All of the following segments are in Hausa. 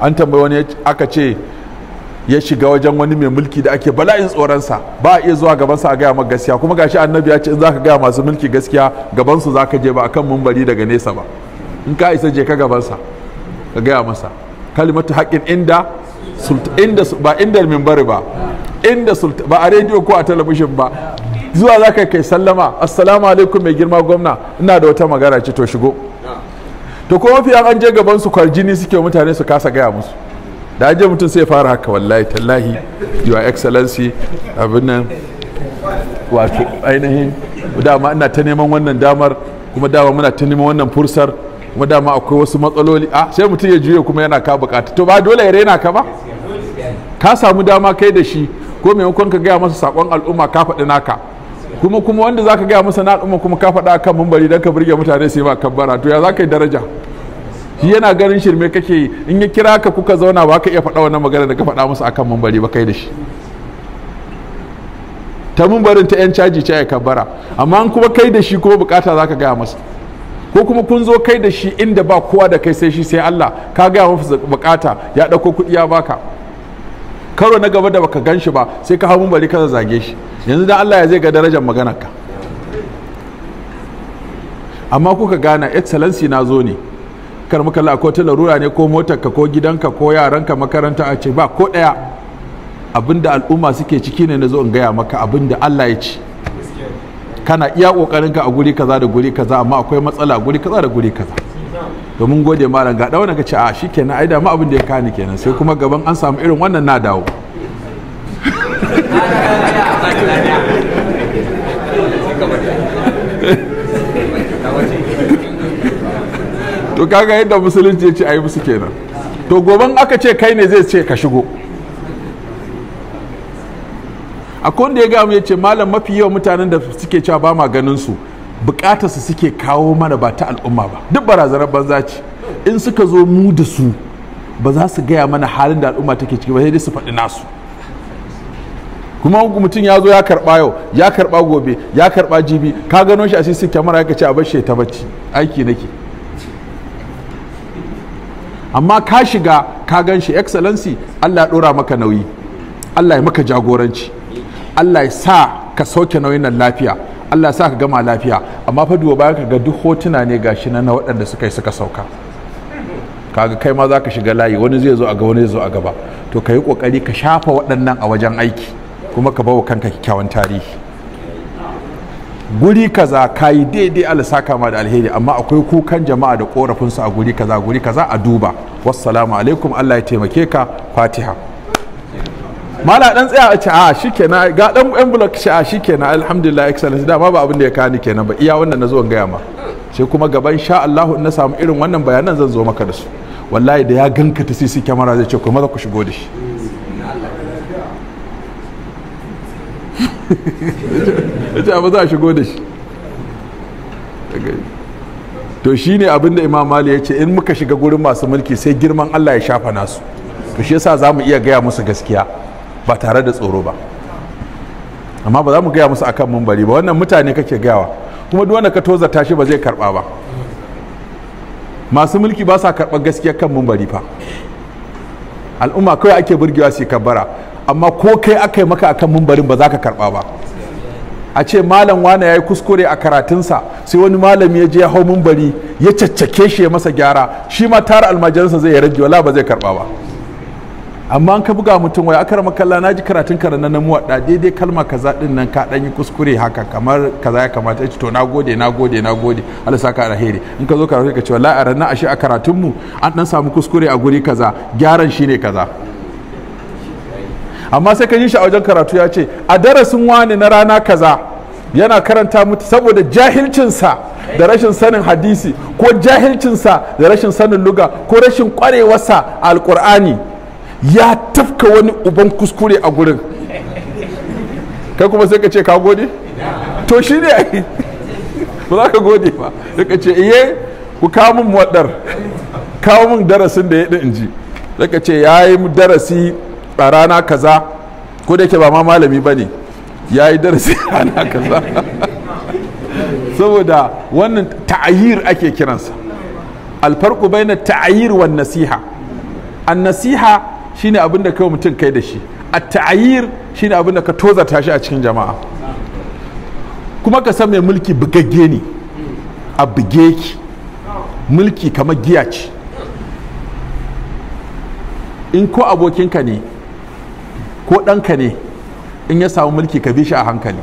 an tambayi wani aka ce ya shiga wajen wani mai mulki da ake bala'in tsoronsa ba a iya zuwa gabansa a gaya maka gaskiya kuma gashi annabi ya ce in zaka gaya masu mulki gaskiya gabansu zaka je ba akan mumbari daga nesa ba in ka isa je ka gabansa ka gaya masa kalimatu haƙin inda inda ba inda minbari ba inda ba a rediyo ko a talabishin ba zuwa zaka kai sallama assalamu alaikum mai girma gwamna ina da wata magana ce to shigo to kuma mafi an je gaban su kwarjini suke mutane su kasa gaya musu da an je mutum sai fara haka wallahi tallahi your excellency abin nan wato ainihin dama ina ta neman wannan damar kuma dama muna ta neman wannan fursar kuma dama akwai wasu matsaloli a ah, sai mutum ya juye kuma yana ka bukata to ba dole ya rena ka ba ka samu dama kai da shi ko maimakon ka gaya masa sakon al'umma ka faɗi naka kuma kuma wanda zaka gaya masa na al'umma kuma ka faɗa kan mumbari don ka burge mutane sai ba kabbara to ya zaka yi daraja shi yana ganin shirme kake yi in ya kira ka kuka zauna ba ka iya faɗa wannan magana da ka faɗa masa akan mumbari ba kai da shi ta mumbarin ta 'yan caji ce ya kabbara amma in kuma kai da shi kuma bukata zaka gaya masa ko kuma kun zo kai da shi inda ba kowa da kai sai shi sai Allah ka gaya masa bukata ya ɗauko kuɗi ya baka karo na gaba da baka gan shi ba sai ka hamun bari ka zage shi yanzu da Allah ya zai ga darajar maganarka. ka amma kuka gana excellency na zo ne kar muka la ko talarura larura ne ko motar ka ko gidanka ko yaranka makaranta a ce ba ko daya abinda al'umma suke ciki ne na zo in gaya maka abinda Allah ya ci kana iya kokarin a guri kaza da guri kaza amma akwai matsala guri kaza da guri kaza domin gode malam ga dawo ka ce a ah, shi kenan ai dama abin da ya kani kenan sai kuma gaban an samu irin wannan na dawo to kaga yadda musulunci ya ce a yi musu kenan to goban aka ce kai ne zai ce ka shigo a da ya gamu ya ce malam mafi yawan mutanen da suke cewa ba ma ganin su Bukatar su suke kawo mana ba ta al'umma ba duk barazanar banza ce in suka zo mu da su ba za su gaya mana halin da al'umma take ciki ba sai dai su faɗi nasu kuma mutum ya zo ya karɓa yau ya karɓa gobe ya karɓa jibi ka gano shi a sisi kyamara ya ce a bashe ta bacci aiki nake amma ka shiga ka gan shi excellency allah ya ɗora maka nauyi allah ya maka jagoranci allah ya sa ka sauke nauyin nan lafiya Allah sa ka gama lafiya amma fa duba ka ga duk hotuna ne gashi na waɗanda suka suka sauka kaga kai ma za ka shiga layi wani zai zo a gaba wani zai zo a gaba to ka yi ƙoƙari ka shafa waɗannan a wajen aiki kuma ka bawa kanka kyakkyawan tarihi guri kaza ka yi daidai alisa kama da alheri amma akwai kukan jama'a da ƙorafinsu a guri kaza guri kaza a duba wassalamu alaikum allah ya taimake ka fatiha mala dan tsaya a ce a ah, shikenan ga dan yan block shi a ah, shikenan alhamdulillah excellence dama ba abin da ya kani kenan ba iya wannan na zo in gaya ma sai kuma gaban sha Allah in na samu irin wannan bayanan zan zo maka da su wallahi da ya ganka ta sisi kyamara zai ce ku maza ku shigo da shi yace ah, ba za a shigo da shi to shine abin abinda imam mali ya ce in muka shiga gurin masu mulki sai girman allah ya shafa nasu to shi yasa za mu iya gaya musu gaskiya ba tare da tsoro ba amma ba za mu gaya musu akan mumbari ba wannan mutane kake gayawa kuma duk wanda ka toza tashi ba zai karba ba masu mulki ba sa karɓar gaskiya kan mumbari fa al'umma kawai ake burgewa su kabbara amma ko kai aka yi maka akan mumbarin ba za ka karɓa ba a ce malam wane ya yi kuskure a karatunsa sai wani malami ya je ya hau mumbari ya caccake shi ya masa gyara shi ma tara almajiransa zai yi rage wala ba zai karɓa ba amma an ka buga mutum wai akar kalla na ji karatun ka na muwadda daidai kalma kaza din nan ka dan yi kuskure haka kamar kaza ya kamata ya ci to nagode nagode nagode Allah saka alheri in ka zo karatu ka ce wallahi a ranar ashe a karatun mu an dan samu kuskure a guri kaza gyaran shine kaza amma sai ka yi shi a wajen karatu ya ce a darasin wani na rana kaza yana karanta mutu saboda jahilcinsa da rashin sanin hadisi ko jahilcinsa da rashin sanin luga ko rashin kwarewarsa alkur'ani ya tafka wani uban kuskure a gurin kai kuma sai ka ce ka gode to shi ne ai ba za ka gode ba sai ka ce iye ku kawo min wadar kawo min darasin da ya ɗin ji sai ka ce ya yi darasi a rana kaza ko da ke ba ma malami ba ne ya yi darasi a rana kaza saboda wannan ta'ayir ake kiransa alfarku bai na ta'ayir wa nasiha an nasiha shine abin da kai mutum kai da shi a ta'ayir shine abin da ka tozata shi a cikin jama'a kuma ka san mai mulki bugagge ne a buge ki mulki kamar giya ce in ko abokinka ne ko ɗanka ne in ya samu mulki ka bi shi a hankali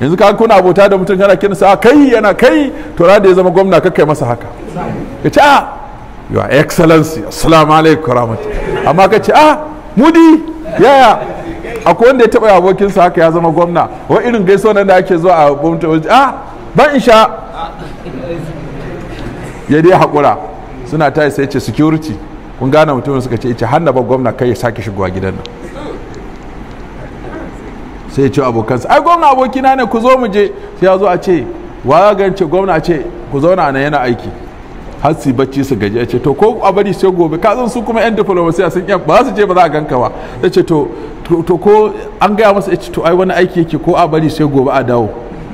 yanzu ka kuna abota da mutum yana kinsa ah, kai yana kai to da ya zama gwamna kai masa haka ka ce a ah, your excellency assalamu alaikum rahmatullahi amma ka ce ah mudi yaya akwai wanda ya taɓa abokinsa haka ya zama gwamna wa irin gaiso nan da ake zuwa a waje. ah ban isha. sha ya dai haƙura suna ta sai ce security kun gane mutumin suka ce ice hannu ba gwamna kai ya sake shigowa gidan nan sai ya ce abokansa ai gwamna abokina ne ku zo mu je sai ya zo a ce wa ya gance gwamna ce ku zauna a nan yana aiki har su bacci su gaji ce to ko a bari sai gobe ka zan su kuma yan diplomasiya sun yan ba su je ba za a ganka ba ya ce to to ko an gaya masa ya ce to ai wani aiki yake ko a bari sai gobe a dawo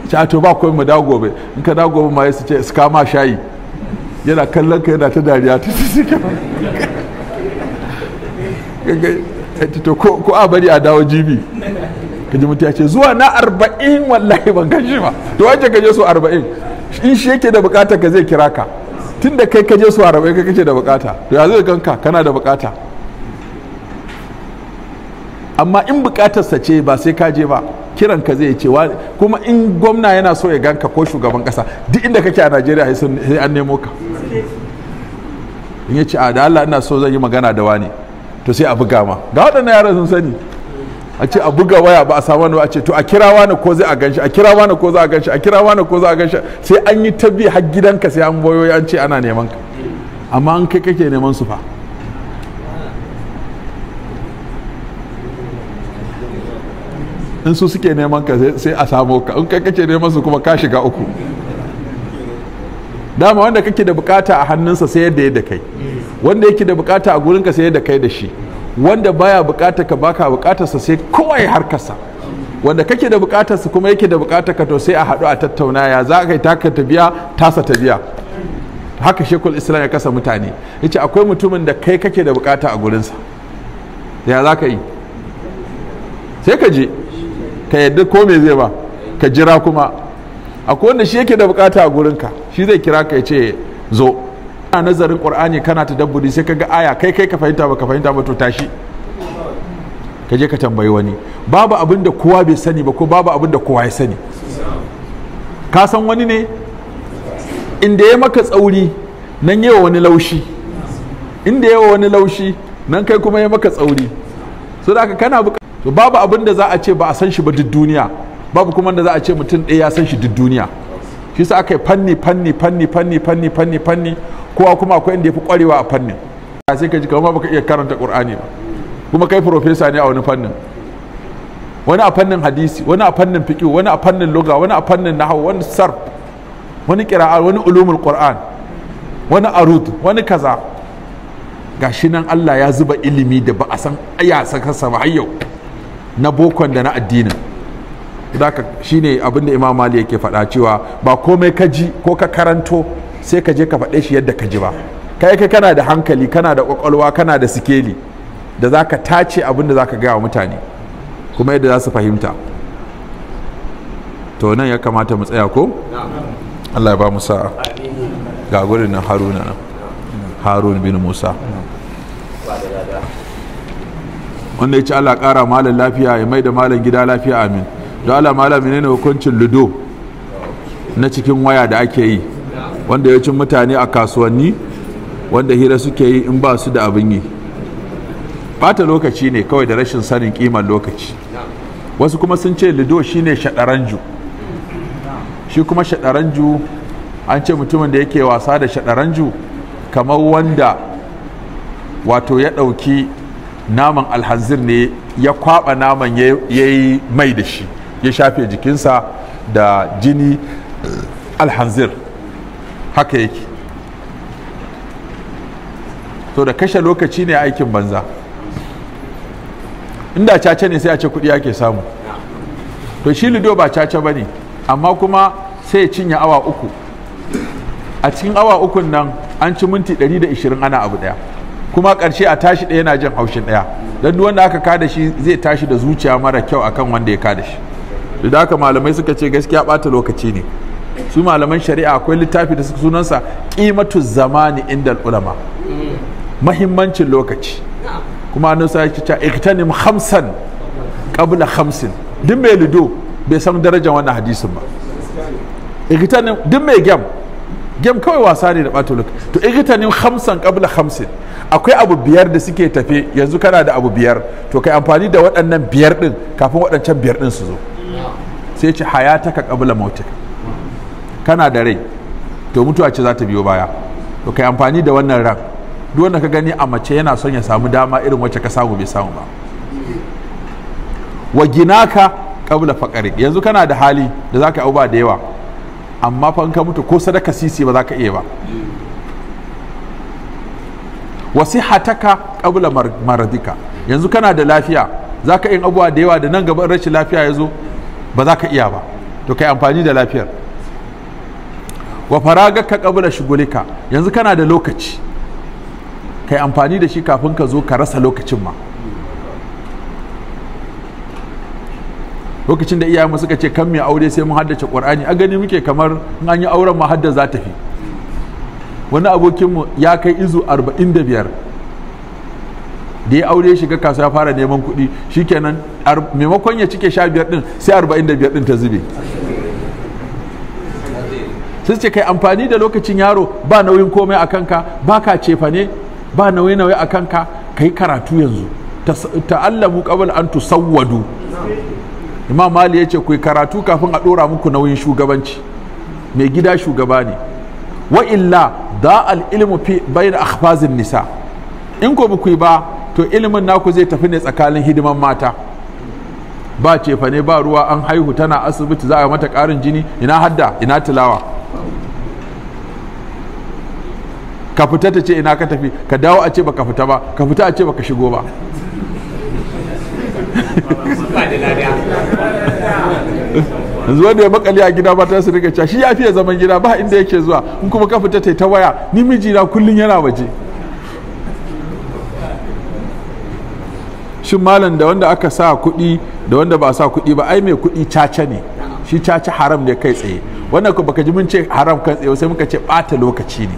ce to ba komai mu dawo gobe in ka dawo gobe ma ya su ce su kama shayi yana kallon ka yana ta dariya ta to ko a bari a dawo jibi ka ji mutu ya ce zuwa na arba'in wallahi ban gashi ba to wace ka je so arba'in in shi yake da bukata ka zai kira ka tun da kai kaje su a rabai kai kake da bukata to ya zai ganka kana da bukata amma in bukatarsa ce ba sai ka je ba kiran ka zai ce kuma in gwamna yana so ya ganka ko shugaban kasa duk inda kake a najeriya sai an nemo ka in ya ce a da allah ina so zan yi magana da wani to sai a buga ma ga waɗannan yaran sun sani a ce a buga waya ba a samu wani a ce to a kira wani ko zai a ganshi a kira wani ko za a ganshi a kira wani ko za a ganshi sai an yi tabi har gidanka sai an boyo an ce ana neman ka amma an kai kake neman su fa in su suke neman ka sai a samu ka in kai kake neman su kuma ka shiga uku dama wanda kake da bukata a hannunsa sai yadda ya da kai wanda yake da bukata a gurinka sai yadda kai da shi wanda baya bukatar ka baka sa sai kowa ya harkarsa wanda kake da sa kuma yake da bukatar ka to sai a haɗu a tattauna ya za ka yi taka tabiya tasa tabiya haka shekul islam ya kasa mutane ya ce akwai mutumin da kai kake da bukata a gurinsa ya za ka yi sai ka je ka yadda ko me zai ba ka jira kuma akwai wanda shi yake da bukata a gurinka shi zai kira ka ya ce zo kana nazarin qur'ani kana tadabburi sai kaga aya kai kai ka fahimta ba ka fahimta ba to tashi ka je ka tambayi wani babu abin da kowa bai sani ba ko babu abin da kowa ya sani ka san wani ne inda ya maka tsauri nan yawa wani laushi inda yawa wani laushi nan kai kuma ya maka tsauri so da haka kana babu abin da za a ce ba a san shi ba duk duniya babu kuma da za a ce mutum ɗaya ya san shi duk duniya shi sa aka yi fanni fanni fanni fanni fanni fanni fanni kowa kuma akwai inda ya fi kwarewa a fannin sai ka ji kamar baka iya karanta qur'ani ba kuma kai profesa ne a wani fannin wani a fannin hadisi wani a fannin fiqh wani a fannin lugha wani a fannin nahwu wani sarf wani qira'a wani ulumul qur'an wani arud wani kaza gashi nan Allah ya zuba ilimi da ba a san aya saka sama har na bokon da na addinin zaka shine abinda imam mali yake faɗa cewa ba komai ka ji ko ka karanto sai ka je ka faɗe shi yadda ka ji ba kai kai kana da hankali kana da kwakwalwa kana da sikeli da zaka tace abin da zaka gaya wa mutane kuma yadda za su fahimta to nan ya kamata mu tsaya ko Allah ya ba mu sa'a ga gurin nan Haruna nan Harun bin Musa wanda ya ci Allah ƙara malam lafiya ya mai da malam gida lafiya amin don Allah malam ne hukuncin ludo na cikin waya da ake yi wanda ya yawancin mutane a kasuwanni wanda hira suke yi in ba su da abin yi bata lokaci ne kawai da rashin sanin kimar lokaci wasu kuma sun ce lido shine shaɗaranju shi kuma shaɗaranju an ce mutumin da yake wasa da shaɗaranju kamar wanda wato ya ɗauki naman alhanzir ne ya kwaɓa naman ya yi mai da shi ya shafe jikinsa da jini alhanzir haka yake to da kashe lokaci ne aikin banza inda caca ne sai a ce kuɗi ake samu to shi lido ba caca ba ne amma kuma sai ya cinye awa uku a cikin awa ukun nan an ci minti 120 ana abu daya kuma karshe a tashi daya yana jin haushin daya don wanda aka kada shi zai tashi da zuciya mara kyau akan wanda ya kada shi da haka malamai suka ce gaskiya bata lokaci ne su malaman shari'a akwai littafi da sunansa kimatu zamani inda ulama mahimmancin lokaci kuma an sa yake ta iktanim khamsan qabla hamsin duk mai lido bai san darajar wannan hadisin ba iktanim duk mai gem gem kawai wasa ne da ɓata lokaci to ikitanin hamsin kabla hamsin akwai abu biyar da suke tafe yanzu kana da abu biyar to kai amfani da waɗannan biyar ɗin kafin waɗancan biyar ɗin su zo sai ce hayataka qabla mautik kana da rai to mutuwa ce za ta biyo baya to kai amfani da wannan ran duk wanda ka gani a mace yana son ya samu dama irin wacce ka samu bai samu ba wa ginaka qabla faqari yanzu kana da hali da zaka yi abubuwa da yawa amma fa in ka mutu ko sadaka sisi ba za ka iya ba wasihataka qabla maradika yanzu kana da lafiya zaka yin abuwa da yawa da nan gaban rashin lafiya ya zo ba za ka iya ba to kai amfani da lafiyar wa ka kabula shugulika yanzu kana da lokaci kai amfani da shi kafin ka zo ka rasa lokacin ma lokacin da iyayenmu suka ce kan mai aure sai mun haddace qur'ani a gani muke kamar in an yi auren ma hadda za ta fi wani abokinmu ya kai izu 45 da ya aure shiga kasuwa fara neman kuɗi shikenan maimakon ya cike sha biyar ɗin sai arba'in da biyar ɗin ta zube Sun ce kai amfani da lokacin yaro ba nauyin komai a kanka ba ka cefa ne ba nauyi nauyi a kanka ka yi karatu yanzu Ta mu kawai an tu tusawwadu imam mali ya ce ku karatu kafin a ɗora muku nauyin shugabanci mai gida shugaba ne wa illa da al ilmu fi bayan akhfazin nisa in ko ba to ilimin naku zai tafi ne tsakanin hidiman mata ba cefa ne ba ruwa an haihu tana asibiti za a mata ƙarin jini ina hadda ina tilawa ka fita ta ce ina ka tafi ka dawo a ce ba ka fita ba ka fita a ce ba ka shigo ba yanzu wanda ya makali a gida ba ta su riga shi ya fiye zaman gida ba inda yake zuwa in kuma ka fita ta ta waya ni mijina kullum yana waje shin malam da wanda aka sa kuɗi da wanda ba sa kuɗi ba ai mai kuɗi caca ne shi caca haram ne kai tsaye wannan ku baka ji mun ce haram kan tsaye sai muka ce bata lokaci ne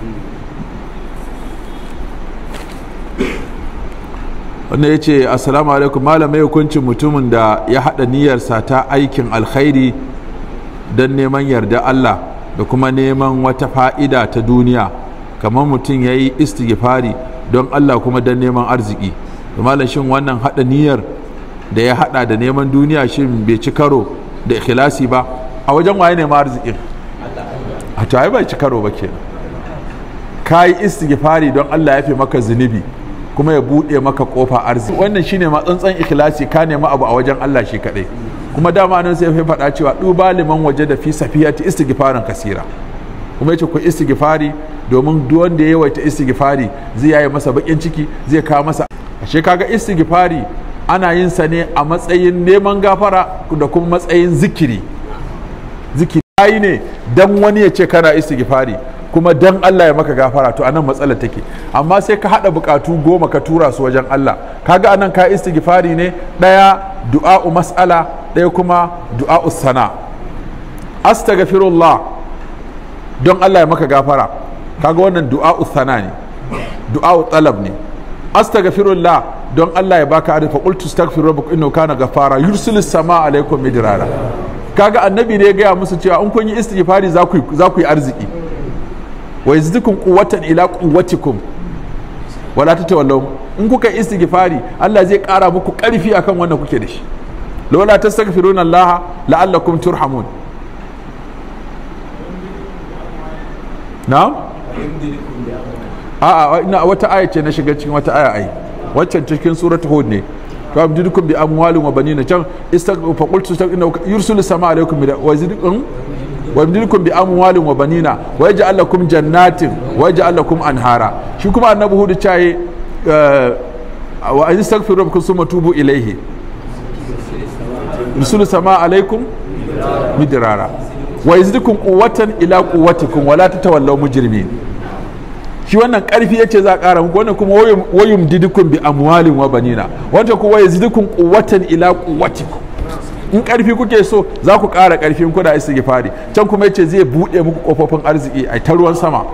wannan ya ce assalamu alaikum malam mai hukuncin mutumin da ya haɗa niyyarsa ta aikin alkhairi don neman yarda Allah da kuma neman wata fa'ida ta duniya kamar mutum ya yi istighfari don Allah kuma don neman arziki malam shin wannan hada niyyar da ya hada da neman duniya shin bai ci karo da ikhlasi ba a wajen waye ne ma arziki a to ai bai ci karo ba kenan kai istighfari don Allah ya fi maka zunubi kuma ya bude maka kofa arziki wannan shine ma tsantsan ikhlasi ka nemi abu a wajen Allah shi kadai kuma dama nan sai ya faɗa cewa duba liman waje da fi safiyati istighfaran kasira kuma yace ku istighfari domin duk wanda ya yawaita istighfari zai yayi masa bakin ciki zai kawo masa ashe kaga istighfari ana yin sa ne a matsayin neman gafara da kuma matsayin zikiri zikiri yayi ne dan wani ya ce kana istighfari kuma dan Allah ya maka gafara to anan matsalar take amma sai ka hada bukatu goma ka tura su wajen Allah kaga anan ka istighfari ne daya du'a'u mas'ala daya kuma du'a'u sana astaghfirullah don Allah ya maka gafara kaga wannan du'a'u sana ne du'a'u talab ne astaghfirullah don Allah ya baka arifa qultu astaghfir rabbuk innahu kana gafara yursilu samaa alaikum midrara kaga annabi ne ya gaya musu cewa in kun yi istighfari za ku za ku yi arziki wa yazidukum quwwatan ila quwwatikum wala tatawallaw in kuka yi istighfari Allah zai kara muku karfi akan wanda kuke da shi lawla tastaghfiruna Allah la'allakum turhamun na'am a'a ina wata aya ce na shiga cikin wata aya ai waccan cikin suratul hud ne to abdudukum bi amwalin wa banina can istaqbu fa qultu inna yursilu sama alaykum wa hmm? wa bi amwalin wa banina wa yaj'al lakum jannatin wa yaj'al lakum anhara shi kuma annabi hud eh, wa rabbakum summa tubu ilayhi yursilu sama alaykum midrara wa yazidukum quwwatan ila quwwatikum wa la tatawallaw mujrimin shi wannan karfi yace za a kara muku wannan kuma wayum didikun bi amwalin wa banina wanda kuma yazidukun quwwatan ila quwwatikum in karfi kuke so za ku kara karfin da istighfari can kuma yace zai bude muku kofofin arziki a ta ruwan sama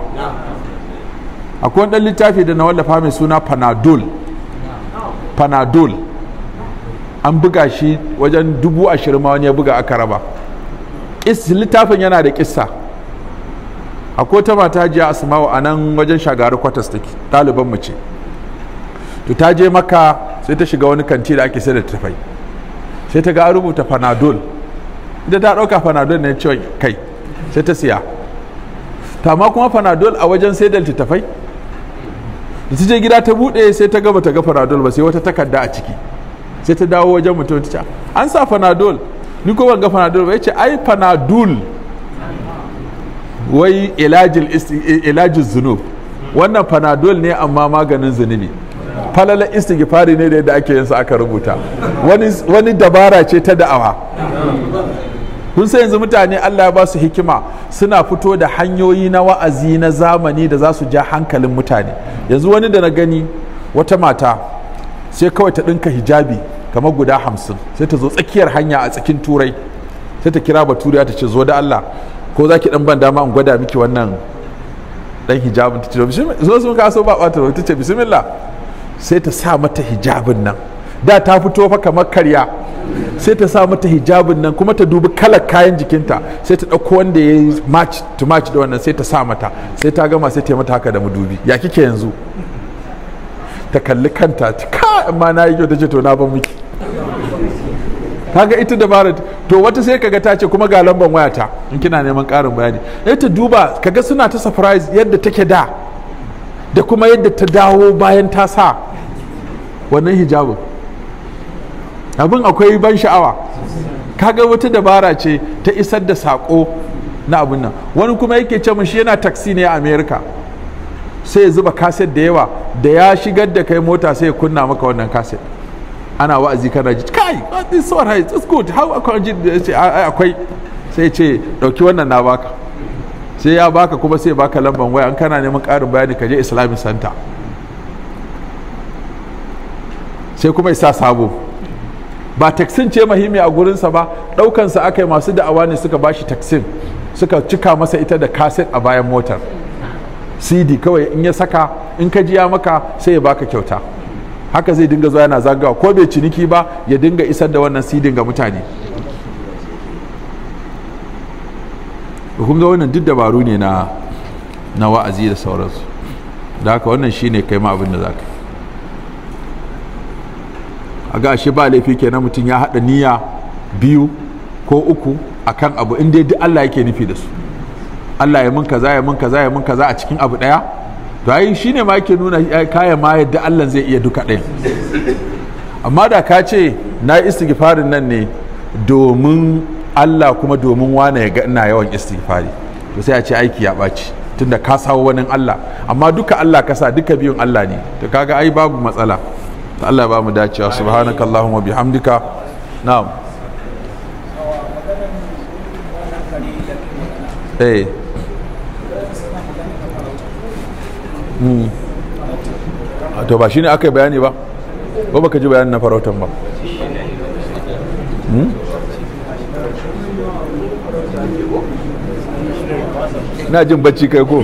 akwai dan littafi da na wallafa mai suna panadol panadol an buga shi wajen dubu ashirin ma wani ya buga aka raba littafin yana da kissa akwai ta mata jiya asma'u a nan wajen shagari kwatas take ɗaliban mu ce to ta je maka sai ta shiga wani kanti da ake sai da tafai sai ta ga an rubuta panadol ita ta ɗauka panadol ne ciwon kai sai ta siya Ta ma kuma panadol a wajen sai da tafai da ta je gida ta buɗe sai ta gaba ta ga panadol ba sai wata takarda a ciki sai ta dawo wajen mutum ta an sa panadol ni ko ban ga panadol ba ya ce ai panadol wai ilajin zunub wannan panadol ne amma maganin zunubi falala istighfari ne da yadda ake yin sa aka rubuta wani dabara ce ta da'awa kun sai yanzu mutane Allah ya ba su hikima suna fito da hanyoyi na wa'azi na zamani da za su ja hankalin mutane yanzu wani da na gani wata mata sai kawai ta ɗinka hijabi kamar guda hamsin sai ta zo tsakiyar hanya a tsakin turai sai ta kira baturiya ta ce zo da Allah ko za ki dan ban dama in gwada miki wannan dan hijabin ta ce zo sun kaso ba ɓata ta ce bismillah sai ta sa mata hijabin nan da ta fito fa kamar karya sai ta sa mata hijabin nan kuma ta dubi kalar kayan jikinta sai ta ɗauko wanda ya yi match to match da wannan sai ta sa mata sai ta gama sai ta mata haka da mudubi ya kike yanzu ta kalli kanta ta ka amma na yi kyau ta ce to na ban miki kaga ita dabarar to wata sai kaga ta ce kuma ga lambar wayata in kina neman ƙarin bayani ita duba kaga suna ta surprise yadda take da da kuma yadda ta dawo bayan ta sa wannan hijabin abin akwai ban sha'awa kaga wata dabara ce ta isar da sako na abin nan wani kuma yake ce mun shi yana taxi ne a america sai ya zuba kaset da yawa da ya shigar da kai mota sai ya kunna maka wannan kaset ana wa'azi kana ji kai this so it's good how akwai sai ce dauki wannan na baka sai ya baka kuma sai baka lamban waya an kana neman karin bayani ka je islamic center sai kuma isa sabo ba taksin ce mahimmi a gurinsa ba daukansa aka yi masu da'awa ne suka ba shi taksin suka cika masa ita da kaset a bayan motar cd kawai in ya saka in ka jiya maka sai ya baka kyauta haka zai dinga zuwa yana zagawa ko bai ciniki ba ya dinga isar da wannan sidin ga mutane kun wannan duk dabaru ne na na wa'azi da sauransu da haka wannan shi ne kai abin da za ka a ga shi ba laifi kenan mutum ya haɗa niyya biyu ko uku a kan abu inda duk Allah yake nufi da su Allah ya mun kaza ya mun kaza ya mun kaza a cikin abu ɗaya to ai ne ma yake nuna kaya ma yadda Allah zai iya duka ɗaya. amma da ka ce na istighfarin nan ne domin Allah kuma domin wane ya ga na yawan istighfari to sai a ce aiki ya ɓaci tunda ka sawo wani Allah amma duka Allah ka sa duka biyun Allah ne to kaga ai babu matsala ta Allah ba mu dacewa subhanakallahumma bihamdika na'am eh Hmm. to ba ne aka yi bayani ba ko baka ji bayanin na farautan ba hmm? na jin bacci kai ko